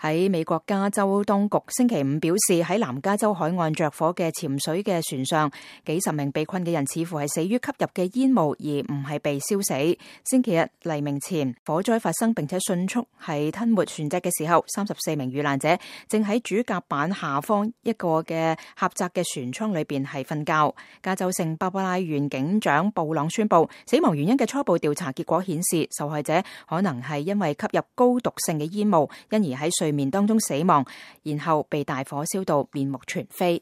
喺美國加州當局星期五表示，喺南加州海岸着火嘅潛水嘅船上，幾十名被困嘅人似乎係死於吸入嘅煙霧，而唔係被燒死。星期日黎明前，火災發生並且迅速係吞沒船隻嘅時候，三十四名遇難者正喺主甲板下方一個嘅狹窄嘅船艙裏邊係瞓覺。加州聖巴巴拉縣警長布朗宣布，死亡原因嘅初步調查結果顯示，受害者可能係因為吸入高毒性嘅煙霧，因而喺水。睡眠當中死亡，然後被大火燒到面目全非。